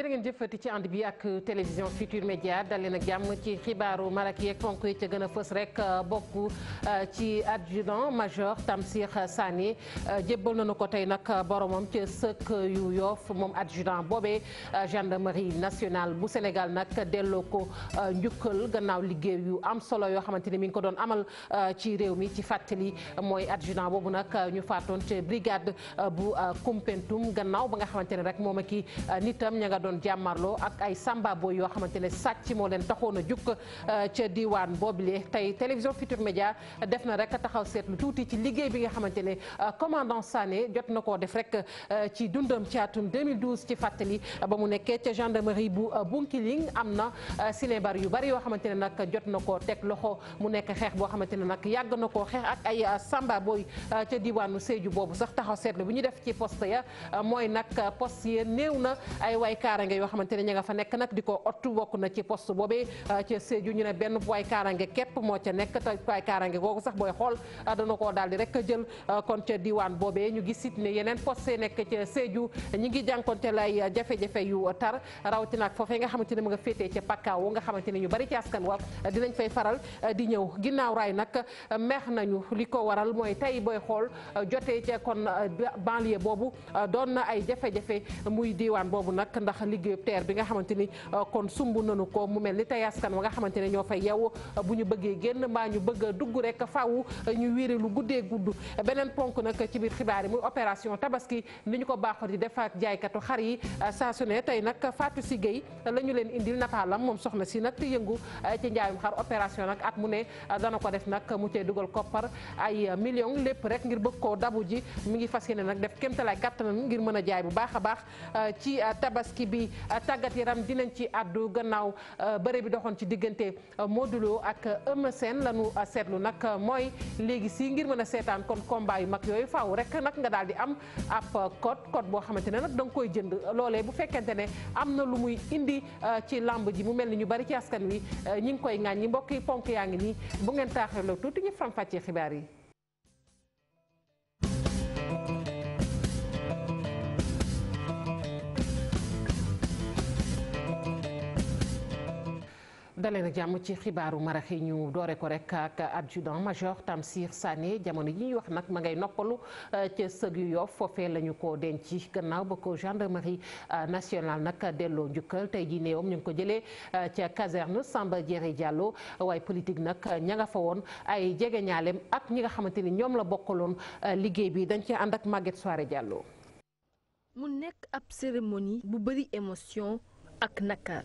jërë ngeen jëfati ci ànd bi ak télévision Futur Média dalee nag jàmm ci xibaaru marak yeeg ponk yi ca gën a fës rek euh, bokk euh, ci adjudant major Tamsir Sané euh, jébbal nañu ko tey nag boromam ca sëkk yu yoof moom adjudant boobee gendarmerie nationale bu Sénégal nag delloo ko njukkal gannaaw liggéey yu am solo yoo xamante ni mi ngi ko doon amal ci réew mi ci fàttali mooy adjudant boobu nag ñu faatoon ca brigade bu Koumpentoum gannaaw ba nga xamante ne rek moom doon jàmmarloo ak ay samba boy yoo xamante ne sàcc moo leen taxoon a jukk euh, ca diwaan boobule tey télévision Futur Média def na rek taxaw seetlu tuuti ci liggéey bi nga xamante ne euh, euh, ci dundam ci atum 2012 ci fàttali ba mu nekkee ca gendarmerie bu Bunkiling yu bari yoo xamante ne nag jot na koo teg loxo mu nekk xeex boo xamante ne nag yàgg na koo xeex ak samba boy ca diwaanu Sédhiou boobu sax taxaw seetlu bu ñu def ci poste ya mooy nag poste ya néew na ay waykaar kaaraange yoo xamante ne ña nga fa nekk nag di ko ott bokk na ci poste boobee ah, ca Sédhiou ñu ne benn poids kaaraange képp moo ca nekk te poids kaaraange googu sax booy xool ah, dana koo daal di rek jël ah, kon ca diwaan boobee ñu gis it ne yeneen poste nekk ca Sédhiou ñi ngi jànkonte lay jafe-jafe nga xamante ne mu nga féetee ca Pakaaw nga xamante ne ñu bari ci askan fay faral di ñëw ginnaaw raay nag meex nañu li ko waral mooy tey booy xool jotee ca kon banlieue boobu doon na ay jafe-jafe muy diwaan boobu nag ndax liggéeyub teer bi nga xamante ni euh, kon sumb nanu ko mu mel ni tey askan wa nga xamante ne ñoo fa yow euh, bu ñu bëggee génn mbaa ñu bëgg a dugg rek faw euh, ñu wiiri lu guddee gudd beneen ponk nag ci biir xibaar yi muy opération tabaski ni ñu ko baaxoo di def ak jaaykatu xar yi saa su ne tey nag Fatou Si Gueye la ñu leen indil napaalam moom soxna si nag di yëngu ci njaayum xar opération nag at mu ne dana ko def nag mu cey dugal koppar ay million lépp rek ngir bëgg koo dabu ji mi ngi fas yéene nag def kémtalaay kàttanam ngir mën a jaay bu a bi euh, tàggat yaram dinañ ci àddu gannaaw euh, bëre bi doxoon ci diggante euh, Modou Lo ak Eumeu Sène la seetlu nag mooy léegi si ngir mën a seetaan kon combat yu mag yooyu faaw rek nag nga daal di am ab code code boo xamante ne nag da nga koy jënd loolee bu fekkente ne am na lu muy indi ci lamb ji mu mel ni ñu bari ci askan wi ñi ngi koy ŋàññi mbokk yi ponk yaa ngi nii bu ngeen taaxeeloo tuuti ñu faram fàccee xibaar yi. dalee na jàmm ci xibaaru marax yi ñu doore ko rek ak adjudant major Tamsir Sané jamono yi ñuy wax nag ma ngay noppalu euh, ca sëg yu Yoff foofee la ñu ko denc gannaaw ba ko gendarmerie euh, nationale nag delloo njukkal tey ji néewam ñu ngi ko jëlee euh, ca caserne Samba Diéré Diallo waaye politique nag ña nga fa woon ay jege ñaaleem ak ñi nga xamante ni ñoom la bokkaloon liggéey bi dañ ci ànd ak Maguette Soirée Diallo. mu nekk ab cérémonie bu bëri émotion ak nakar.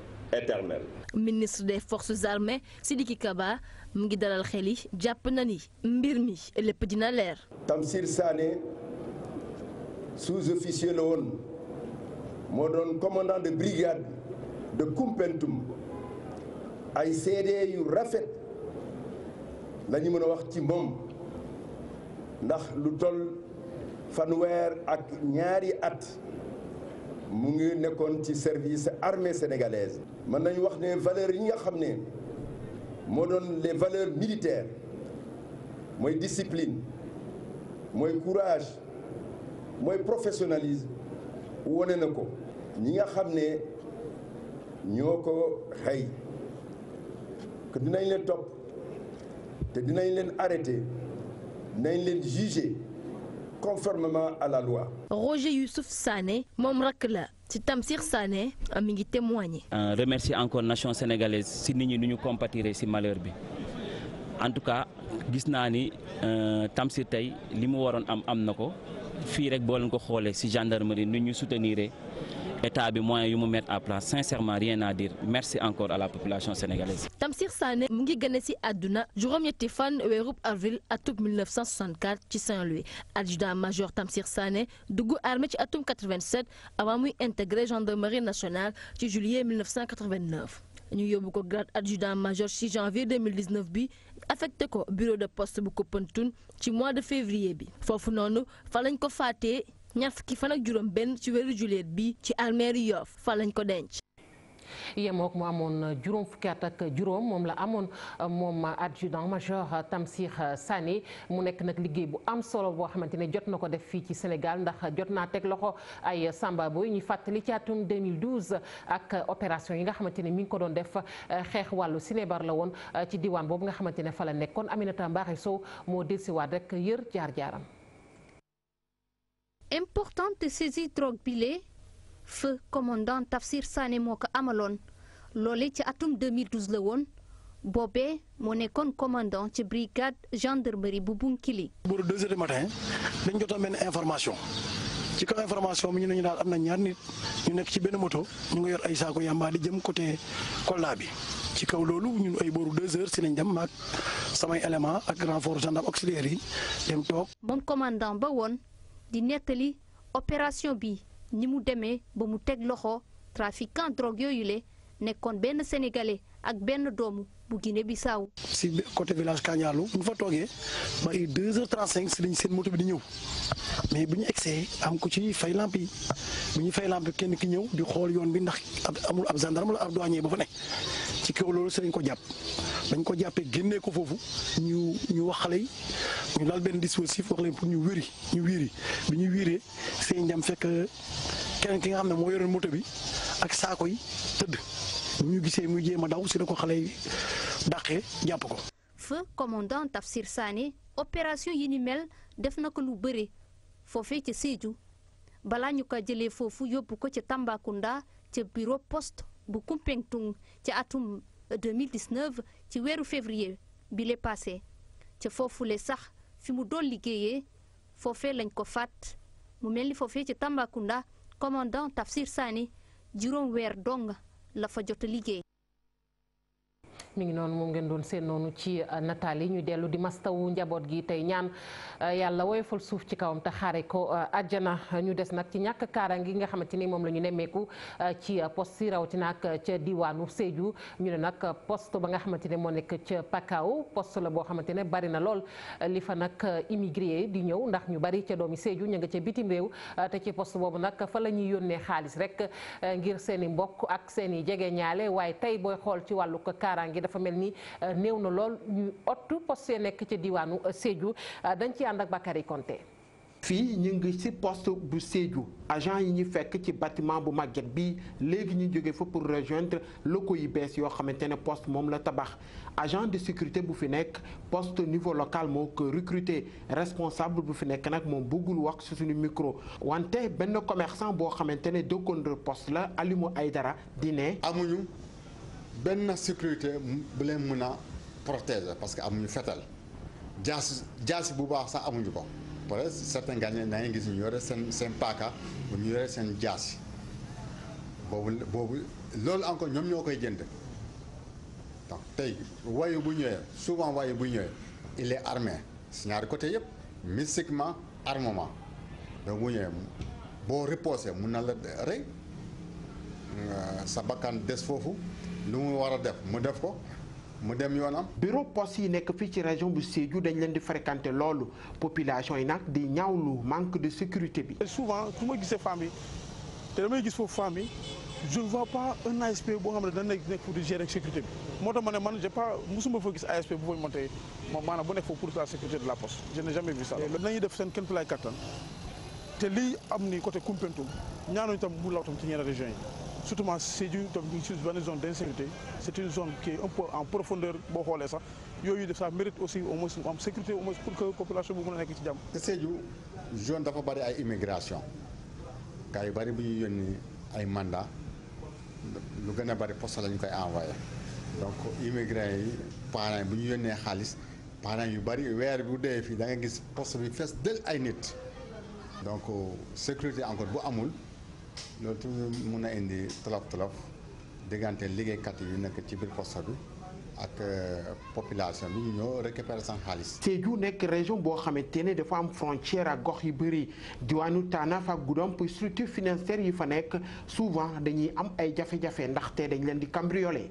éternelle. ministre des forces armées Sidiki Kaba mu ngi dalal xel yi jàpp na ni mbir mi lépp dina leer. Tamsir Sané sous-officier la woon moo doon commandant de brigade de Koumpentoum ay seede yu rafet la ñu mën a wax ci moom ndax lu toll fanweer ak ñaari at mu ngi nekkoon ci service armée sénégalaise. mën nañu wax ne valeurs yi nga xam ne moo doon les valeurs militaires mooy discipline mooy courage mooy professionnalisme wone na ko ñi nga xam ne ñoo ko xëy que dinañ leen topp te dinañ leen arrêté dinañ leen jugé conformément à la loi. Roger Youssouf Sané moom rakk la ci Tamsir Sané mi ngi témoigner. Euh, remercie encore nation sénégalaise si nit ñi nu ñu compatiré si malheur bi en tout cas gis naa ni euh, Tamsir tey li mu waroon am am na ko fii rek boo leen ko xoolee si gendarmerie ni ñu soutenir état bi moyens yu mu mettre à place sincèrement rien à dire merci encore à la population sénégalaise. Tamsir Sané mu ngi gën ci àdduna juróom-ñetti fan weerub avril atum 1964 ci Saint-Louis adjudant major Tamsir Sané dugg armée ci atum 87 avant muy intégré gendarmerie nationale ci juillet ñu yóbbu ko grade adjudant major ci janvier bi affecté ko bureau de post bu Koupentoun ci mois de février bi foofu noonu fa lañ ko faatee. ñaar fukki fan ak juróom benn ci weeru juillet bi ci almeeri Yoff fa lañ ko denc. yemook mu amoon juróom fukki at ak juróom moom la amoon moom adjudant major Tamsir sànni mu nekk nag liggéey bu am solo boo xamante ne jot na ko def fii ci Sénégal ndax jot naa teg loxo ay Samba Boy ñu fàttali ci atum 2012 ak opération yi nga xamante ne mi ngi ko doon def xeex wàllu sinébar la woon ci diwaan boobu nga xamante ne fa la nekkoon Aminata Mbaare Sow moo dellusiwaat rek yër jaar jaaram. importante saisie drogue bile feu commandant Tafsir Sané moo ko amaloon loole ci atum 2012 la woon boobee moo nekkoon commandant ci brigade gendarmerie bu Bunkili. booru 2 heures du matin dañ jot am benn information ci kaw information bi ñu ne ñu daal am na ñaar nit ñu nekk ci benn moto ñu ngi yor ay saako yàmbaa di jëm côté Kolda bi. ci kaw loolu ñu ay booru deux ci si lañ dem maak samay élément ak renfort gendarme auxiliaire yi dem toog. moom commandant ba woon di nettali opération bi ni mu demee ba mu teg loxo trafiquant drogue yooyu le nekkoon benn sénégalais ak benn doomu bu Guinée Bissau. si côté village Kagnalou bu ñu fa toogee ba ay cinq si lañ seen moto bi di ñëw mais bu ñu egsee am ko ci fay lamp yi bu ñu fay lamp kenn ki ñëw di xool yoon bi ndax amul ab gendarme la ab douanier ba fa nekk. ci kaw loolu si lañ ko jàpp dañ ko jàppee génnee ko foofu ñu ñu wax xale yi ñu laal benn dispositif wax leen pour ñu wéri ñu wiiri bi ñu wiiree seen njam fekk keneen ki nga xam ne moo yoroon moto bi ak saako yi tëdd ñu gisee muy jéem a daw si la ko xale yi dàqee jàpp ko. feu commandant Tafsir Sané opération yi ni mel def na ko lu bëri foofee ca Sédhiou balaa ñu ko jëlee foofu yóbbu ko ca Tambacounda ca bureau post bu Koumpentoum ci atum 2019 ci weeru février bi le passé ca foofule sax fi mu doon liggéeyee foofee lañ ko faat mu mel ni foofee ca Tambacounda commandant Tafsir Sané juróom weer dong la fa jot a liggéey mi ngi noonu moom ngeen doon seen noonu ci uh, nataal yi ñu dellu di mastawu njaboot gi tey ñaan uh, yàlla woyofal suuf ci kawam te xaare ko uh, àjjana ñu des nag ci ñàkk kaaraange gi nga xamante ni moom la ñu nemmeeku ci poste yi rawatina ak ca diwaanu Sédhiou ñu ne nag poste ba nga xamante ne moo nekk ca Pakao post la boo xamante ne bari na lool li fa nag immigré di ñëw ndax ñu bari ca doomi Sédhiou ñu nga ca bitim réew te ci post boobu nag fa la ñuy yónnee xaalis rek ngir seen i mbokk ak seen i waaye tey booy xool ci wàllu kaaraange dafa mel ni euh, néew na lool ñu ottu poste nekk ca diwaanu euh, Sédhiou euh, dañ ci ànd ak Bakary Konté fii ñu ngi ci post bu Sédhiou agent yi ñu fekk ci bâtiment bu màgget bi léegi ñu jóge fa pour rejoindre locaux yi bees yoo xamante ne post moom la tabax agent de sécurité bu fi nekk post niveau local moo ko recruté responsable bu fi nekk nag moom bëggul wax ci suñu micro wante benn commerçant boo xamante ne dëkkoon post la Alimu dara di ne amuñu benn sécurité bu leen mën a protéger parce que amuñu fetal jaasi jaasi bu baax sax amuñu ko wala certains gaañe naa ngi gis ñu yore seen seen paaka bu ñu yore seen jaasi boobu loolu encore ñoom ñoo koy jënd donc tey wayu bu ñëwee souvent wayu bu ñëwee il est armé si ñaari côté yëpp mystiquement armement donc bu ñëwee boo reposé mun na la rey euh, sa bakkan des foofu lu mu war a def mu def ko mu dem yoonam. bureau poste yi nekk fii ci région bu Sédhiou dañ leen di fréquenter loolu population yi nag di ñaawlu manque de sécurité bi. souvent su ma gisee femme yi te damay gis foofu femme yi je boo xam ne dana nekk pour di moo tax ma ne man j'ai pas musuma fa gis ASP bu fay monté moom maanaam bu nekk foofu pour la sécurité de la poste je n'ai jamais vu ça. nañu def seen kenn lay kattan te li am ni côté Koumpentoum ñaanuñu tam mu law tam ci ñeneen régions yi. surtout Sédhiou daf ñu ci benn zone d' insécurité c' est une zone qui en profondeur boo xoolee sax yooyu def ça mérite aussi au mois mu am sécurité au moins pour que population bu mën a nekk ci jàmm. te Sédhiou zone dafa bari ay immigration gars yu bari bu ñuy yónni ay mandat lu gën a bari poste la koy envoyé donc immigré yi parents bu ñu yónnee xaalis parents yu bari weer bu dee fii da nga gis post bi fees del ay nit donc sécurité encore bu amul. loolu tamit mun a indi tolof tolof diggante liggéeykat yu nekk ci biir poste bi ak euh, population bi ñu ñoo récupérer seen xaalis. Sédhiou nekk région boo xamante ne dafa am frontière ak gox yu bëri diwaanu Tanaf ak Goudomp structure financière yi fa nekk souvent dañuy am ay jafe-jafe ndaxte dañ leen di cambrioler.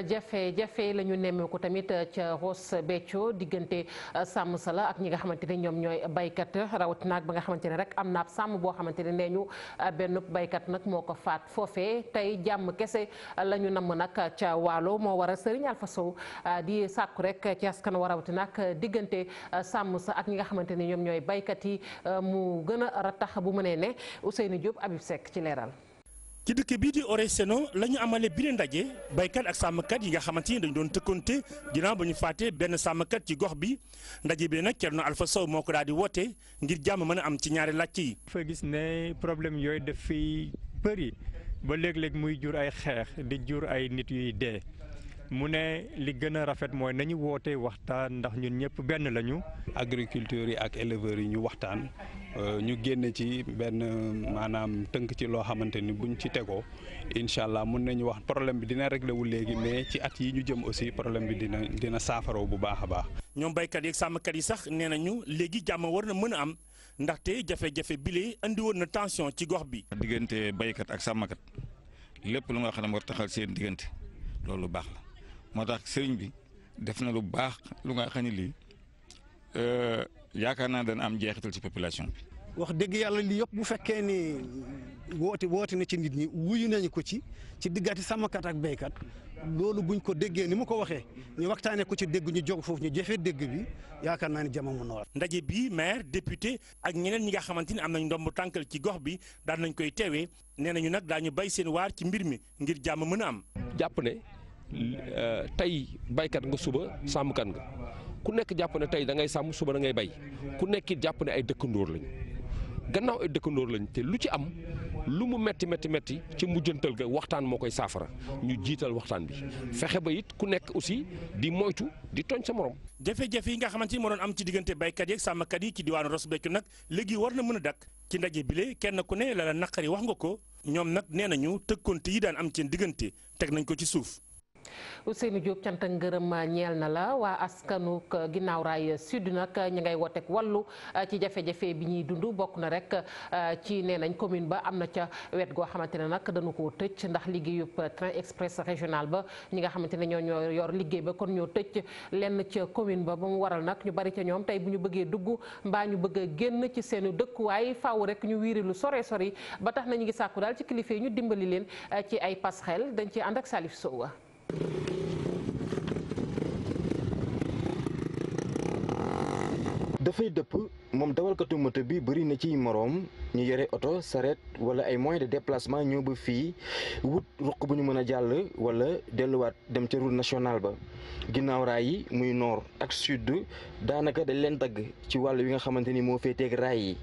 jafe-jafe la ñu nemmeeku tamit euh, ca Ross Béthio diggante euh, sàmm sa la ak ñi nga xamante ni ñoom ñooy baykat rawat naag ba nga xamante ne rek am naab sàmm boo xamante ne nee ñu euh, benn baykat nag moo ko faat foofee tey jàmm kese la ñu namm nag ca waalo moo waral Serigne Alpha Sow di sàkku rek ci askan wa rawati diggante sàmm sa ak ñi nga xamante ne ñoom ñooy baykat yi mu gën a ratax bu mënee ne Ousseynou Diop Habib Seck ci leeral ci dëkk bii di Oréséno la ñu amale bi leen ndaje béykat ak sàmmkat yi nga xamante ni dañu doon tëkkonte dina ba ñu fàttee benn sàmmkat ci gox bi ndaje bi nag Thierno Alpha Sow moo ko daal di woote ngir jàmm mën a am ci ñaari làcc yi. fa gis ne problème yooyu daf fiy bëri ba léeg-léeg muy jur ay xeex di jur ay nit yuy dee. mu ne li gën a rafet mooy nañu woote waxtaan ndax ñun ñëpp benn lañu. agriculture yi ak éleveurs yi ñu waxtaan euh, ñu génn ci benn maanaam tënk ci loo xamante ni buñ ci tegoo incha allah mun nañu wax problème bi dina réglé wu léegi mais ci at yi ñu jëm aussi problème bi dina dina saafaraw bu baax a baax. ñoom baykat yi ak sàmmkat yi sax nee ñu léegi jàmm war na mën a am ndaxte jafe-jafe bile andi woon na tension ci gox bi. diggante béykat ak sàmmkat lépp lu nga xam ne war taxal seen diggante loolu baax la. moo tax sëriñ bi def na lu baax lu nga xam ne lii euh, yaakaar naa dana am jeexital ci population bi. wax dëgg yàlla lii yëpp bu fekkee ni woote woote na ci nit ñi wuyu nañu ko ci ci diggante sàmmkat ak béykat loolu buñ ko déggee ni mu ko waxee ñu waxtaanee ko ci dégg ñu jóg foofu ñu jëfee dégg bi yaakaar naa ni jamono noor. ndaje bii maire député ak ñeneen ñi nga xamante ni am nañ ndomb tànkal ci gox bi daan nañ koy teewee nee nañu nag daañu bay seen waar ci mbir mi ngir jàmm mën a am. Euh, tey baykat nga suba sàmmkat nga ku nekk jàpp ne tey da ngay sàmm suba da ngay bay ku nekki jàpp ne ay dëkkandoor lañu gannaaw ay dëkkandoor lañ te lu ci am lu mu metti metti metti ci mujjantal ga waxtaan moo koy saafara ñu jiital waxtaan bi fexe ba it ku nekk aussi di moytu di tooñ sa morom. jafe-jafe yi nga xamante ni moo doon am ci diggante baykat yeeg sàmmkat yi ci diwaanu Ross Béthio nag léegi war na mën a dakk ci ndaje bile kenn ku ne la la naqari wax nga ko ñoom nag nee nañu tëkkonte yi daan am seen diggante teg nañ ko ci suuf. Ousseynou Diop cant ak ngërëm ah, ñeel na la waa askanu ah, ginnaaw raay sud nag ah, ñi ngay woteek wàllu ci jafe-jafe bi ñuy dund bokk na rek ci nee nañ commune ba am na ca wet goo xamante ne nag dañu koo tëj ndax liggéeyub train express régional ba ñi nga xamante ne ñoo ñoo yor liggéey ba kon ñoo tëj lenn ca commune ba ba mu waral nag ñu bari ca ñoom tey bu ñu bëggee dugg mbaa ñu bëgg génn ci seenu dëkkuwaay faaw rek ñu wiiri lu sore sori ba tax nañu ngi sàkku daal ci kilifa yi ñu dimbali leen ci ay passerelle dañ ci ànd ak Salif soowa dafay dëpp moom dawalkatu moto bi bëri na ci moroom ñu yore oto saret wala ay moyens de déplacement ñëw ba fii wut ruq bu ñu mën a jàll wala delluwaat dem ca route nationale ba ginnaaw raay yi muy nord ak sud daanaka dañ leen dagg ci wàll wi nga xamante ni moo féeteeg raay yi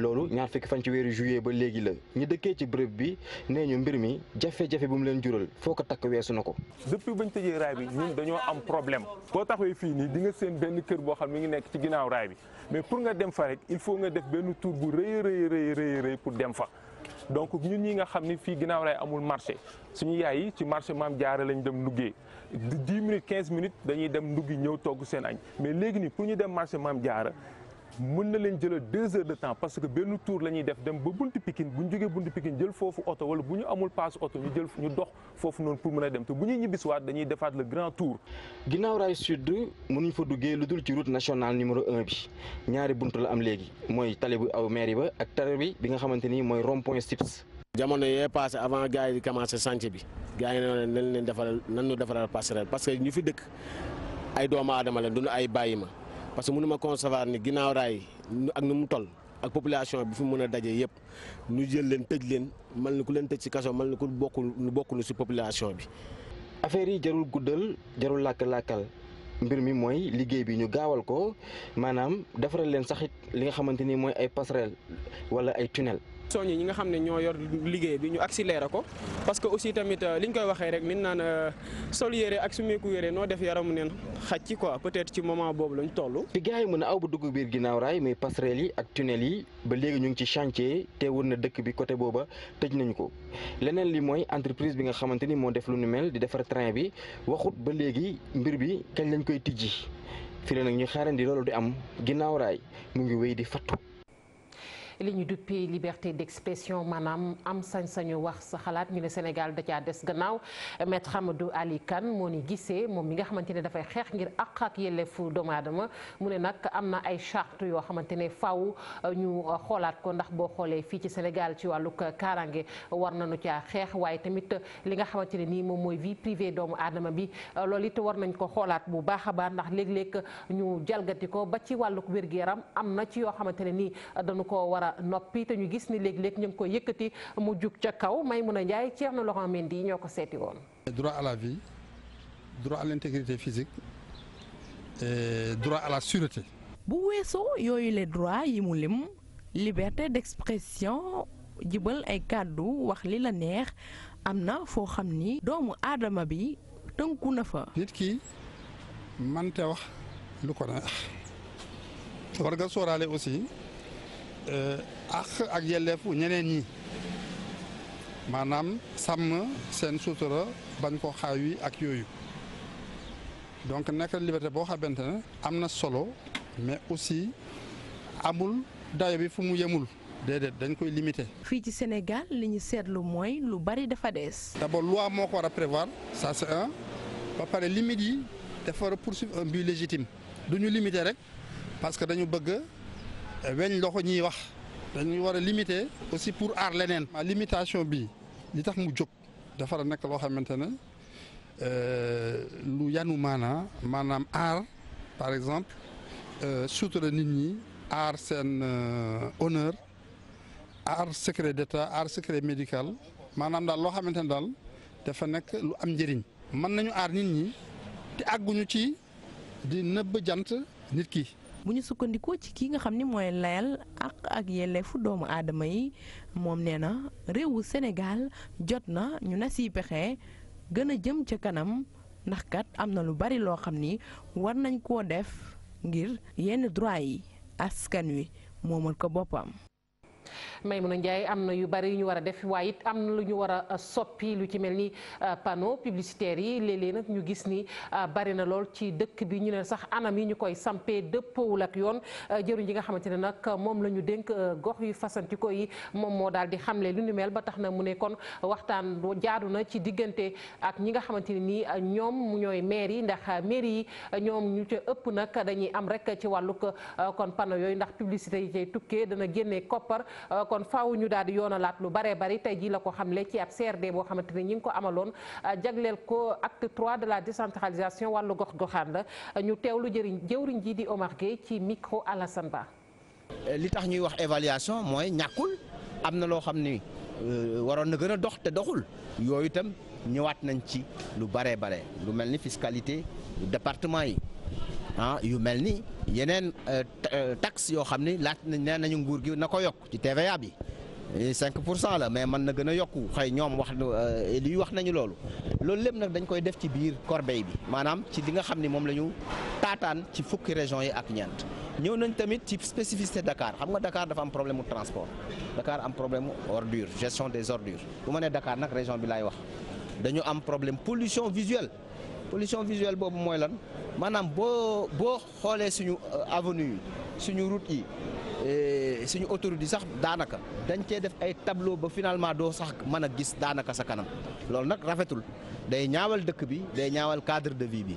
loolu ñaar fukki fan ci weeru juillet ba léegi la ñu dëkkee ci bërëb bi nee ñu mbir mi jafe-jafe bu mu leen jural foo ko takk weesu na ko. depuis bañ tëjee raay bi dañoo am problème boo taxawee fii nii di nga seen benn kër boo xam mi ngi nekk ci ginnaaw bi mais pour nga dem fa rek il faut nga def benn tour bu rëy rëy rëy rëy pour dem fa. donc ñun ñi nga xam ni fii ginnaaw raay amul marché suñu yaay yi ci marché maam jaara lañ dem nduggee dix minutes quinze minutes dañuy dem nduggi ñëw togg seen añ mais léegi nii pour ñu dem marché maam jaara mën na leen jëlal deux heures de temps parce que benn tour la ñuy def dem ba buntu Pikine bu ñu jógee buntu Pikine jël foofu oto wala bu ñu amul paas oto ñu jël ñu dox foofu noonu pour mën a dem te bu ñuy ñibbisiwaat dañuy defaat le grand tour. ginnaaw raay sud mënuñ fa duggee lu dul ci route nationale numéro un bi ñaari buntu la am léegi mooy tali bu aw mairie ba ak tali bi bi nga xamante ni mooy rond point Stips. jamono yee passé avant gars yi di commencé chantier bi gars yi ne nan leen defaral nan que ñu fi dëkk ay doomu aadama la duñu ay bàyyi ma parce que mënu ma concevoir ni ginnaaw raay ak nu mu toll ak population bi fi mën a dajee yëpp ñu jël leen tëj leen mel ni ku leen tëj ci kaso mel ni ku bokkul nu bokkul si population bi. affaire yi jarul guddal jarul làkk-làkkal mbir mi mooy liggéey bi ñu gaawal ko maanaam defaral leen saxit li nga xamante ni mooy ay passerelle wala ay tunnel. yi ñi nga xam ne ñoo yor liggéey bi ñu accéléré ko parce que aussi tamit euh, li ñu koy waxee rek min naan euh, sol yére ak sumeeku yére noo def yaramu neen xaj ko quoi être ci moment boobu lañ toll bi gars yi mën a aw ba dugg biir ginnaaw raay mais passerelle yi ak tunnel yi ba léegi ñu ngi ci chantier te wër na dëkk bi côté booba tëj nañu ko leneen li mooy entreprise bi nga xamante ni moo def lu nu mel di defar train bi waxut ba léegi mbir bi kañ lañ koy tijji fi la nag ñu xaarandi loolu di am ginnaaw raay mu ngi wéy di fattu li ñu duppee liberté d'expression maanaam am sañ-sañu wax sa xalaat ñu ne Sénégal da caa des gannaaw maître Amadou Ali Kane moo ni gisee moom mi nga xamante ne dafay xeex ngir àq ak fu doomu adama mu ne nag am na ay charte yoo xamante ne faw euh, ñu euh, xoolaat ko ndax boo xoolee fii ci Sénégal ci wàllug euh, kaaraange war na nañu caa xeex waaye tamit li nga xamante ne nii moom mooy vie privée doomu aadama bi loolu it war nañ ko xoolaat bu baax a baax ndax léeg-léeg ñu jalgati ko ba ci wàllug wér-gu-yaram a noppi te ñu gis ni léeg-léeg ñu ngi koy yëkkati mu jug ca kaw may Maïmouna Ndiaye Thierno Laurent Mendy ñoo ko seeti woon. droit à la vie droit à l'intégrité physique et droit à la sûreté. bu weesoo yooyu les droit yi mu lim liberté d'expression jibal ay kàddu wax li la neex am na foo xam ni doomu aadama bi tënku na fa. nit ki mante wax lu ko neex war nga sóoraale aussi. Euh, àq ak yelleefu ñeneen ñi maanaam sàmm seen sutura bañ ko xaaw yi ak yooyu donc nekk liberté boo xamante ne am na solo mais aussi amul dayo bi fu mu yemul déedéet dañ koy limité. fii ci Sénégal li ñu seetlu mooy lu bari dafa des. d'abord loi moo ko war a prévoir ça c'est un ba pare limite yi dafa war a poursuivre un but légitime du ñu limité rek parce dañu bëgg. weñ loxo ñuy wax dañuy war a limiter aussi pour aar leneen. limitation bi li tax mu jóg dafa nekk loo xamante ne euh, lu yanu maanaa maanaam aar par exemple euh, sutura nit ñi aar seen euh, honneur aar secret d'état aar secret médical maanaam daal loo xamante ne daal dafa nekk lu am njëriñ. mën nañu aar nit ñi te àgguñu ci di nëbb jant nit ki. bu ñu sukkandikoo ci kii nga xam ni mooy layal ak ak yelleefu doomu aadama yi moom nee na réewu senegal jot na ñu na siy pexe gën a jëm ca kanam ndax kat am na lu bari loo xam ni war nañ koo def ngir yenn droit yi askan wi moomal ko boppam. a Ndiaye am na yu bari yu ñu war a def waaye it am na lu ñu war a soppi lu ci mel ni euh, panneau publicitaire yi léeg nag ñu gis ni euh, bari na lool ci dëkk bi ñu ne sax anam yi ñu koy sampee dëppoowul ak yoon euh, jëruñ ji nga xamante ne nag moom la ñu dénk gox yu fasantikoo yi moom moo daal di xamle lu ni mel ba tax na mu ne kon waxtaan jaadu na ci diggante ak ñi nga xamante ne nii ñoom ñooy maire yi ndax maire yi ñoom ñu ci ëpp nag dañuy am rek ci wàllug kon panneau yooyu ndax publicité yi cay tukkee dana génnee koppar Euh, kon faaw ñu daal di laat lu baree bari tey jii la ko xamle ci ab CRD boo xamante ni ñi ngi ko amaloon euh, jagleel ko acte 3 de la décentralisation wàllu gox-goxaan la euh, ñu teewlu jëriñ jëwriñ ji di Omar ci micro Alassane Ba. li tax ñuy wax évaluation mooy ñàkkul am na loo xam ni waroon na gën a dox te doxul yooyu itam ñëwaat nañ ci lu baree bare lu mel ni fiscalité département yi. ah yu mel ni yeneen euh, euh, taxe yoo xam ni laat nañ nee nañu nguur gi na ko yokk ci TVA bi 5 eh, pour cent la mais mën na gën a yokku xëy ñoom wax euh, li wax nañu loolu loolu lépp nag dañ koy def ci biir corbeille bi maanaam ci li nga xam ni moom la ñu taataan ci fukki région yi ak ñeent ñëw nañ tamit ci spécificité Dakar xam nga dakaar dafa am problème mu transport Dakar am problème mu ordure gestion des ordures bu ma nee Dakar nag région bi laay wax dañu am problème pollution visuelle pollution visuelle boobu mooy lan maanaam boo boo xoolee suñu euh, avenue yi suñu route yi euh, suñu autoroute yi sax daanaka dañ cee def ay tableau ba finalement doo sax mën a gis daanaka sa kanam loolu nag rafetul day ñaawal dëkk bi day ñaawal cadre de vie bi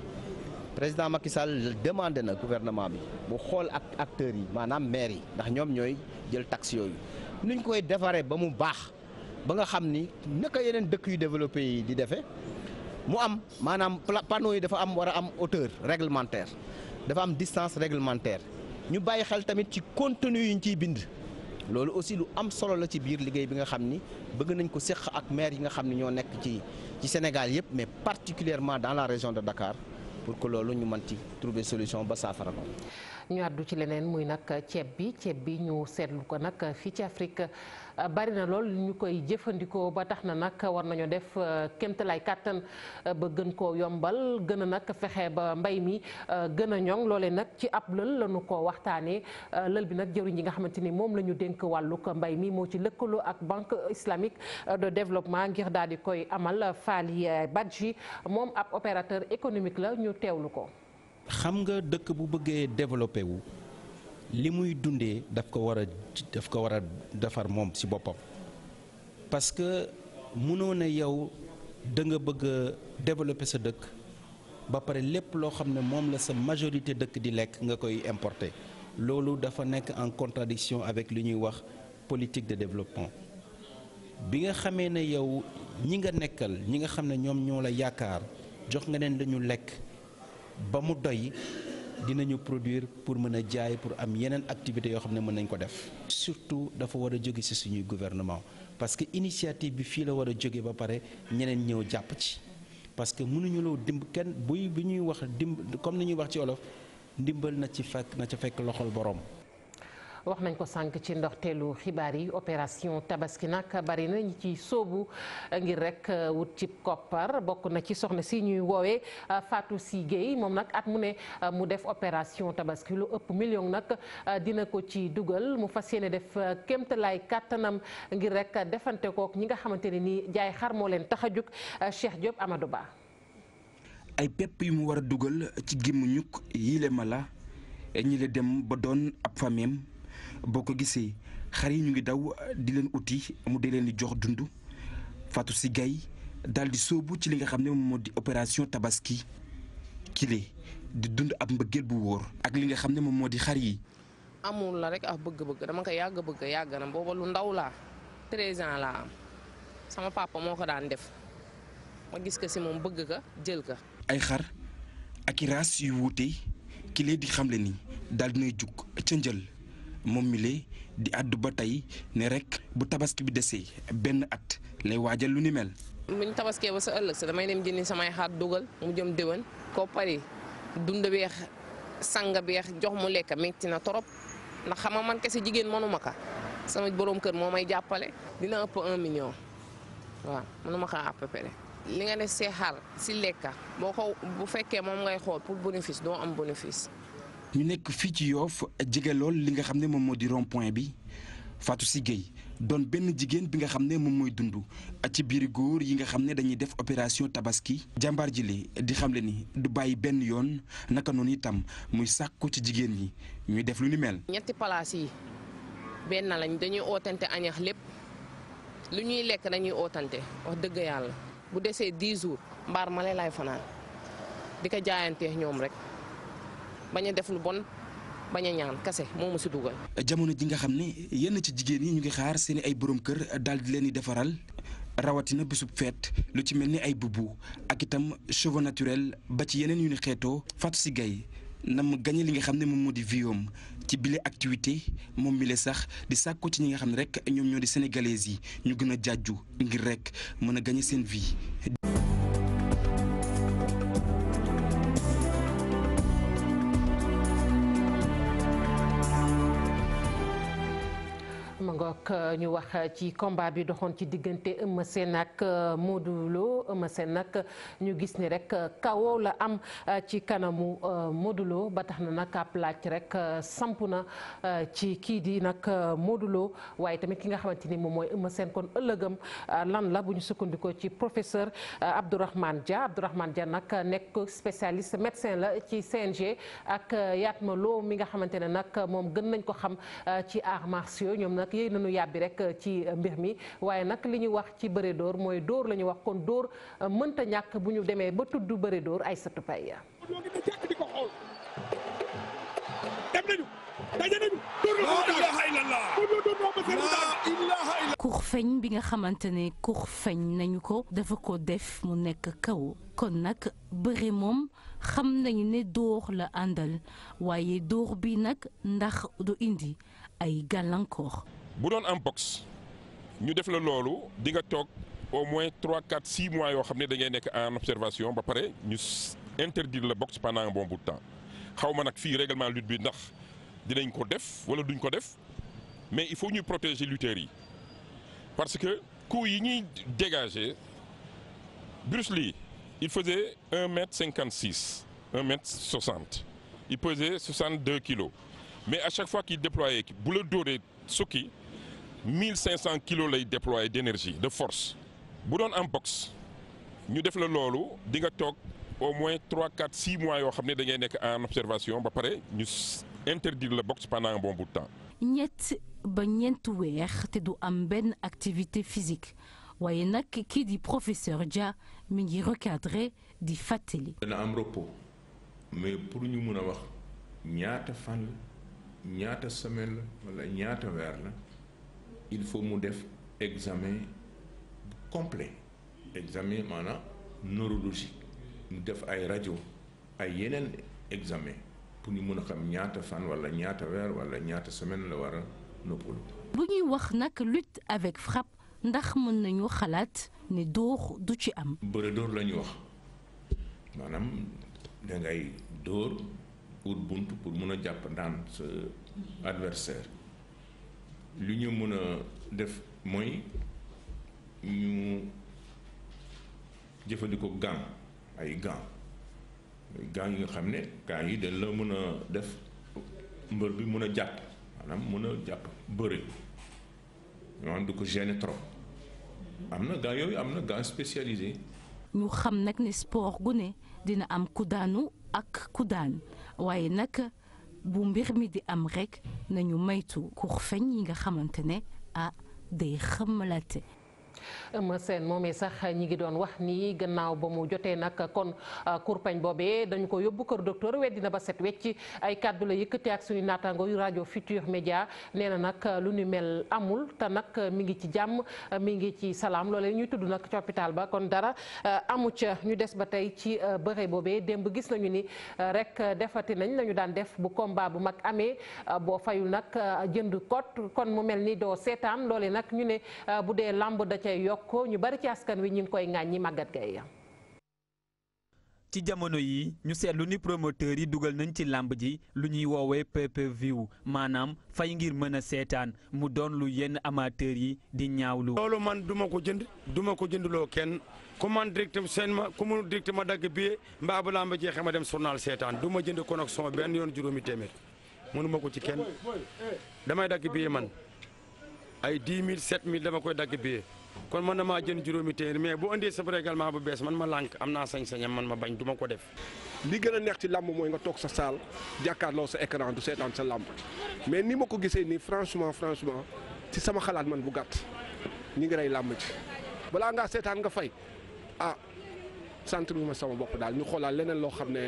président Macky Sall demandé na gouvernement bi mu xool ak acteur yi maanaam maire yi ndax ñoom ñooy jël taxe yooyu nuñ koy defaree ba mu baax ba nga xam ni naka yeneen dëkk yu développé yi di defee mu am maanaam panneau yi dafa am war a am hauteur réglementaire dafa am distance réglementaire ñu bàyyi xel tamit ci contenu yi ñu ciy bind. loolu aussi lu am solo la ci biir liggéey bi nga xam ni bëgg nañ ko séq ak maire yi nga xam ni ñoo nekk ci ci Sénégal yëpp mais particulièrement dans la région de Dakar pour que loolu ñu mën ci trouver solution ba saafara ko ñu àddu ci leneen muy nag ceeb bi ceeb bi ñu seetlu ko nag fii ci Afrique bari na lool ñu koy jëfandikoo ba tax na nag war nañoo def euh, kéemtalaay kàttan euh, ba gën koo yombal gën a nag fexe ba mbay mi euh, gën a ñoŋ loole nag ci ab lël la ñu ko waxtaanee lël bi nag jëriñ yi nga xamante ni moom la ñu dénk wàllug mbay mi moo ci lëkkaloo ak banque islamique de développement ngir daal di koy amal Fally Badji moom ab opérateur économique la ñu teewlu ko. xam nga dëkk bu bëggee développé wu li muy dundee daf ko war a daf ko war a defar moom ci boppam parce que mënoo ne yow da nga bëgg développé sa dëkk ba pare lépp loo xam ne moom la sa majorité dëkk di lekk nga koy importer loolu dafa nekk en contradiction avec li ñuy wax politique de développement bi nga xamee ne yow ñi nga nekkal ñi nga xam ne ñoom ñoo la yaakaar jox nga leen dañu lekk ba mu doy dinañu produire pour mën a jaay pour am yeneen activités yoo xam ne mën nañ ko def. surtout dafa war a jóge ci suñuy gouvernement parce que initiative bi fii la war a jóge ba pare ñeneen ñëw jàpp ci parce que mënuñu loo dimb kenn buy bi ñuy wax dimb comme ni ñuy wax ci olof ndimbal na ci fekk na ca fekk loxol borom. wax nañ ko sànq ci ndox teelu xibaar yi opération tabaski nag bari na ci sóobu ngir rek euh, wut ci koppar bokk na ci soxna si ñuy woowee euh, faatu si Guèye moom nag at mu ne euh, mu def opération tabaski lu ëpp million nag dina ko ci dugal mu fas yéene def kéemtalaay kàttanam ngir rek defante kook ñi nga xamante ne nii jaay xar moo leen tax a jug Cheikh Diop Amadou Ba. ay pepp yu mu war a dugal ci gémmiñu yile mala ñi la dem ba doon ab fameem boo ko gisee xar yi ñu ngi daw euh, di leen uti mu dee leen di jox dund Fatou si gay daal di sóobu ci li nga xam ne moom moo di opération tabaski kile di dund ab mbëggeel bu wóor ak li nga xam ne moom moo di xar yi. amul la rek ah bëgg-bëgg dama ko yàgg bëgg yàgg na booba lu ndaw laa. 13 ans laa am sama papa moo ko daan def ma gis ka si moom bëgg ka jël ka. ay xar ak i raas yu wuute kile di xamle ni daal dinay jug ca njël. moom mi le di àddu ba tey ne rek bu tabaski bi desee benn at lay waajal lu ni mel. bu ñu tabaskee ba sa ëllëg sa damay dem jëndi samay xaar dugal mu jëm déwén koo pari dund beex sanga beex jox mu lekk metti na torop ndax xam nga man kese jigéen mënuma ka sama borom kër moo may jàppale dina ëpp un million waaw mënuma kaa à peu li nga def see xaar si lekka boo ko bu fekkee moom ngay xool pour bénéfice doo am bénéfice. ñu nekk fii ci Yoff jege lool li nga xam ne moom moo di point bi Fatou Sy Gueye doon benn jigéen bi nga xam ne moom mooy dund ci biir góor yi nga xam ne dañuy def opération tabaski jàmbaar ji li di xamle ni du bàyyi benn yoon naka noonu itam muy sàkku ci jigéen ñi ñuy def lu ni mel. ñetti palaas yi benn lañ dañuy ootante añax lépp li ñuy lekk dañuy ootante wax dëgg yàlla bu desee 10 jours mbaar ma lay laay fanaan di ko jaayantee ñoom rek. bañ a def lu bon bañ a ñaan kase moo ma si dugal. jamono ji nga xam ne yenn ci jigéen yi ñu ngi xaar seen ay borom kër daal di leen di defaral rawatina bésub feet lu ci mel ni ay bubu ak itam cheveux naturel ba ci yeneen yu ni xeetoo Fatou Sy Gaye na mu gañe li nga xam ne moom moo di viom ci bile activité moom mi sax di sàkku ci ñi nga xam ne rek ñoom ñoo di sénégalaises yi ñu gën a jàjju ngir rek mën a gañe seen vie. keroog euh, ñu wax ci combat bi doxoon ci diggante Eumeu Sène ak euh, Modou Lo Eumeu Sène nag ñu gis ni rek euh, kawoo la am ci kanamu Modou Lo ba tax na nag ab rek samp na ci kii di nag Modou Lo waaye tamit ki nga xamante ni moom mooy Eumeu Sène kon ëllëgam lan la bu ñu sukkandikoo ci professeur Abdourahmane Dia Abdourahmane Dia nag nekk spécialiste médecin la ci CNG ak Yatma Lo mi nga xamante ne nag moom gën nañ ko xam ci arts martiaux ñoom nag nu yàbbi rek euh, ci euh, mbir mi waaye nag li ñu wax ci bëre dóor mooy dóor la wax kon dóor euh, mënta ñàkk bu ñu demee ba tudd bëre dóor ay sëtu pay bi nga xamante ne feeñ nañu ko dafa ko def mu nekk kaw kon nag bëre moom xam nañu ne dóor la àndal waaye dóor bi nag ndax du indi ay gàllankoor bu doon am box ñu def la loolu di nga toog au moins trois quatre six mois yoo xam ne da nekk en observation ba pare ñu interdire la boxe pendant un bon bout de temps xaw ma nag fii règlement lutte bi ndax dinañ ko def wala duñ ko def mais il faut ñu protéger lutteurs yi parce que coups yi ñuy dégager Bruce Lee il faisait un mètre cinquante six mètre soixante il pesait soixante deux kilos mais à chaque fois qu'il déployait bu la dóoree sukki mille cinq cent kilos lay déployer d'énergie de force bu doon en boxe ñu def la loolu di nga toog au moins trois quatre six mois yoo xam ne da nekk en observation ba pare ñu interdire la boxe pendant un bon bout de temps. ñett ba ñeent weer te du am benn activité physique waaye nag kii di professeur Dia mi ngi recadré di fàttali. dana am repos mais pour ñu mun a wax ñaata fan ñaata semaine la wala ñaata weer la. il faut mu def examen complet examen maanaam neurologique ñu def ay rajo ay yeneen examen pour ñu mën a xam ñaata fan wala ñaata weer wala ñaata semaine la war a noppalu. bu ñuy wax nag lutte avec frappe ndax mën nañu xalaat ne dóor du ci am. bëre dóor la ñu wax maanaam da ngay dóor pour bunt pour mën a jàpp daan sa adversaire. lu ñu mën a def mooy ñu jëfandikoo gants ay gants gants yi xam ne gants yi dañ la mën a def mbër bi mën a jàpp maanaam mën a jàpp bëre maanaam du ko gêner trop am na gants yooyu am na gants spécialisés. ñu xam nag ne sport gu ne dina am ku daanu ak ku daan waaye nag. bu mbir mi di am rekk nañu maytu kur feñ yi nga xamante ne ah day xamalate Eumeu Sène moomee sax ñi ngi doon wax ni gannaaw ba mu jotee nag kon ah, kurpañ boobee dañu ko yóbbu kër docteur weddi na ba set wecc ay kàddu la yëkkati ak suñu naataango yu rajo Futur Média nee na nag lu ni mel amul te nag mi ngi ci jàmm mi ngi ci salaam loolee ñuy tudd nag ci ba kon dara ah, amu ca ñu des ba tey ci ah, bëre boobee démb gis nañu ni rek defati nañ la ñu daan def bu combat bu mag amee boo fayul nag jënd kot kon mu mel ni doo seetaan loole nag ñu ne bu dee lamb da cay yokkoo ñu bari ci askan wi ñu ngi koy ŋàññi màggat gay ya ci jamono yi ñu seetlu ni promoteur yi dugal nañ ci làmb ji lu ñuy woowee PPV maanaam fay ngir mën a seetaan mu doon lu yenn amateur yi di ñaaw lu loolu man duma ko jënd duma ko jëndloo kenn ku man direct seen ma ku mu direct ma dagg billet mbaa bu làmb jeexee ma dem journal seetaan du ma jënd connexion benn yoon juróomi téeméer mënuma ko ci kenn damay dagg billet man ay 10 000 7 000 dama koy dagg billet. kon man damaa jën juróomi téeméer mais bu indee sa règlement bu bees man ma lànk am naa sañ-sañam man ma bañ du ko def. li gën a neex ci làmb mooy nga toog sa saal jàkkaarloo sa écran du seetaan sa làmb mais ni ma ko gisee nii franchement franchement ci sama xalaat man bu gàtt ñi ngi ay làmb ci balaa ngaa seetaan nga fay ah sant ma sama bopp daal ñu xoolaal leneen loo xam ne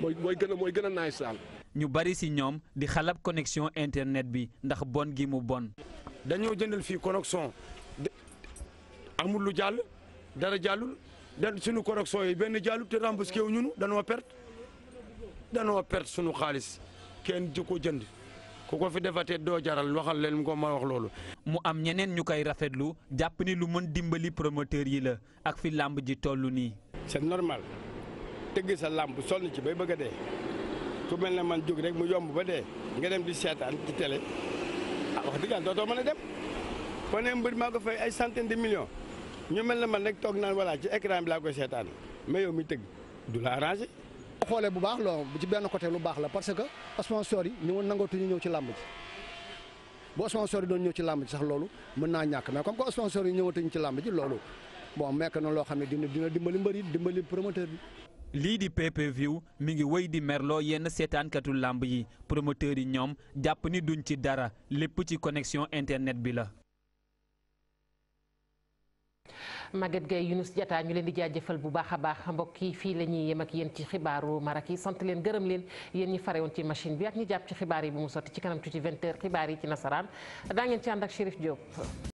mooy gën a mooy gën a naaj saal. ñu bari si ñoom di xalab connexion internet bi ndax bon gi mu bon. dañoo jëndal fii connexion. amul lu jàll dara jàllul dan sunu correction yi benn jàllul te remboursé wu ñunu danoo perte danoo perte suñu xaalis kenn di ko jënd ku ko fi defatee doo jaral waxal leen ko ma wax loolu. mu am ñeneen ñu kay rafetlu jàpp ni lu mën dimbali promoteur yi la ak fi làmb ji toll nii. c'est normal gis sa làmb sol na ci bay bëgg a dee ku mel ne man jóg rek mu yomb ba dee nga dem di seetaan ci télé ah wax dëgg yàlla dootoo mën a dem boo nee mbër maa ko fay ay centaine de millions. ñu mel na man nag toog naan voilà ci écran bi laa koy seetaan mais yow mi tëgg du la arrangé. boo xoolee bu baax loolu ci benn côté lu baax la parce que sponsor yi ñu ngi nangootuñu ñëw ci làmb ji bu sponsor doon ñëw ci làmb ji sax loolu mën naa ñàkk mais comme que sponsor yi ñëwatuñu ci làmb ji loolu bon mekk na loo xam ne dina dina dimbali mbër yi dimbali promoteur bi. lii di PPV mi ngi wéy di merloo yenn seetaankatu làmb yi promoteur yi ñoom jàpp ni duñ ci dara lépp ci connexion internet bi la. Maguette Gueye Younous Diatta ñu leen di jaajëfal bu baax a baax mbokk yi fii la ñuy yem yéen ci xibaaru Marak yi sant leen gërëm leen yéen ñi fare woon ci machine bi ak ñi jàpp ci xibaar yi bu mu sotti ci kanam tuuti 20h xibaar yi ci nasaraan daa ngeen ci ànd ak Chérif Diop.